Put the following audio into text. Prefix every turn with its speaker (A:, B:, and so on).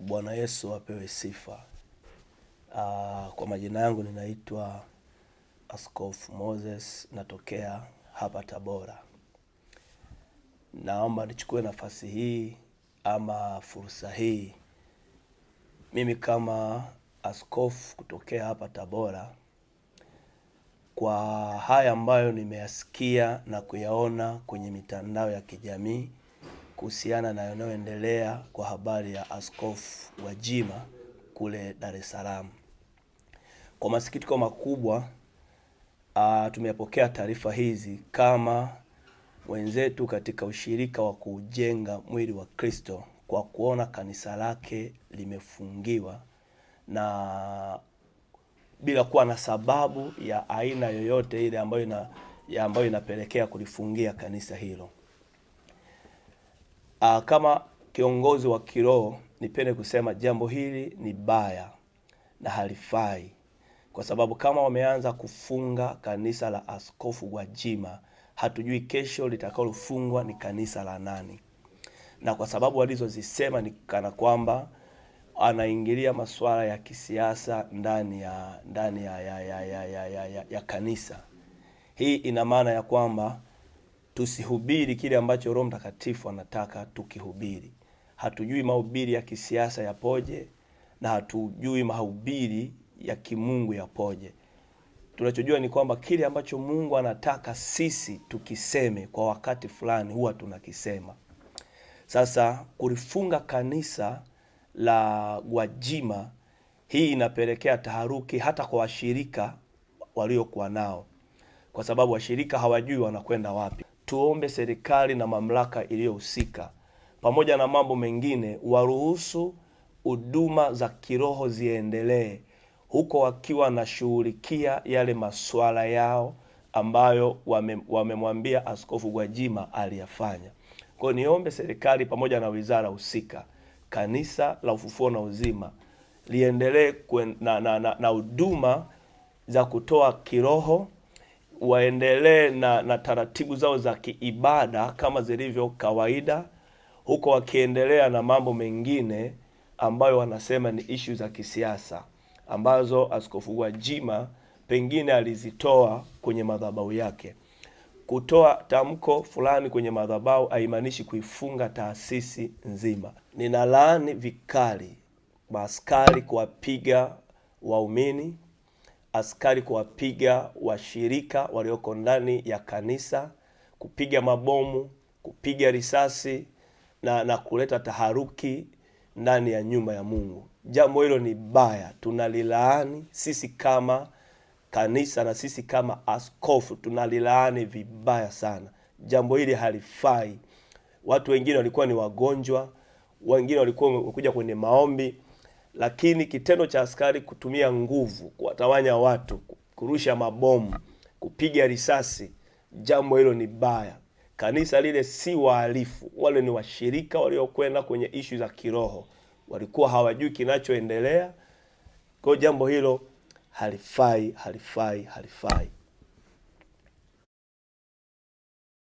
A: Bwana Yesu apewe sifa. Aa, ah, kwa majina yangu ninaitwa Askofu Moses, natokea hapa Tabora. Naomba nichukue nafasi hii ama fursa hii, mimi kama askofu kutokea hapa Tabora, kwa haya ambayo nimeyasikia na kuyaona kwenye mitandao ya kijamii kuhusiana na yanayoendelea kwa habari ya Askofu Gwajima kule Dar es Salaam. Kwa masikitiko makubwa uh, ah, tumepokea taarifa hizi kama wenzetu katika ushirika wa kujenga mwili wa Kristo kwa kuona kanisa lake limefungiwa na bila kuwa na sababu ya aina yoyote ile ambayo ina, ambayo inapelekea kulifungia kanisa hilo. Uh, kama kiongozi wa kiroho nipende kusema jambo hili ni baya na halifai, kwa sababu kama wameanza kufunga kanisa la Askofu Gwajima, hatujui kesho litakalofungwa ni kanisa la nani, na kwa sababu walizozisema ni kana kwamba anaingilia masuala ya kisiasa ndani ya ndani ya, ya, ya, ya, ya, ya, ya, ya kanisa. Hii ina maana ya kwamba tusihubiri kile ambacho Roho Mtakatifu anataka tukihubiri. Hatujui mahubiri ya kisiasa yapoje na hatujui mahubiri ya kimungu yapoje. Tunachojua ni kwamba kile ambacho Mungu anataka sisi tukiseme kwa wakati fulani huwa tunakisema. Sasa kulifunga kanisa la Gwajima, hii inapelekea taharuki hata kwa washirika waliokuwa nao, kwa sababu washirika hawajui wanakwenda wapi tuombe serikali na mamlaka iliyohusika pamoja na mambo mengine waruhusu huduma za kiroho ziendelee huko wakiwa wanashughulikia yale masuala yao ambayo wamemwambia wame Askofu Gwajima aliyafanya. Kwa hiyo niombe serikali pamoja na wizara husika, kanisa la Ufufuo na Uzima liendelee na huduma za kutoa kiroho waendelee na, na taratibu zao za kiibada kama zilivyo kawaida, huko wakiendelea na mambo mengine ambayo wanasema ni ishu za kisiasa ambazo Askofu Gwajima pengine alizitoa kwenye madhabahu yake. Kutoa tamko fulani kwenye madhabahu haimaanishi kuifunga taasisi nzima. Ninalaani vikali maaskari kuwapiga waumini askari kuwapiga washirika walioko ndani ya kanisa, kupiga mabomu, kupiga risasi na, na kuleta taharuki ndani ya nyumba ya Mungu. Jambo hilo ni baya, tunalilaani sisi kama kanisa na sisi kama askofu tunalilaani vibaya sana. Jambo hili halifai. Watu wengine walikuwa ni wagonjwa, wengine walikuwa wamekuja kwenye maombi lakini kitendo cha askari kutumia nguvu, kuwatawanya watu, kurusha mabomu, kupiga risasi, jambo hilo ni baya. Kanisa lile si wahalifu, wale ni washirika waliokwenda kwenye ishu za kiroho, walikuwa hawajui kinachoendelea. Kwa jambo hilo halifai, halifai, halifai.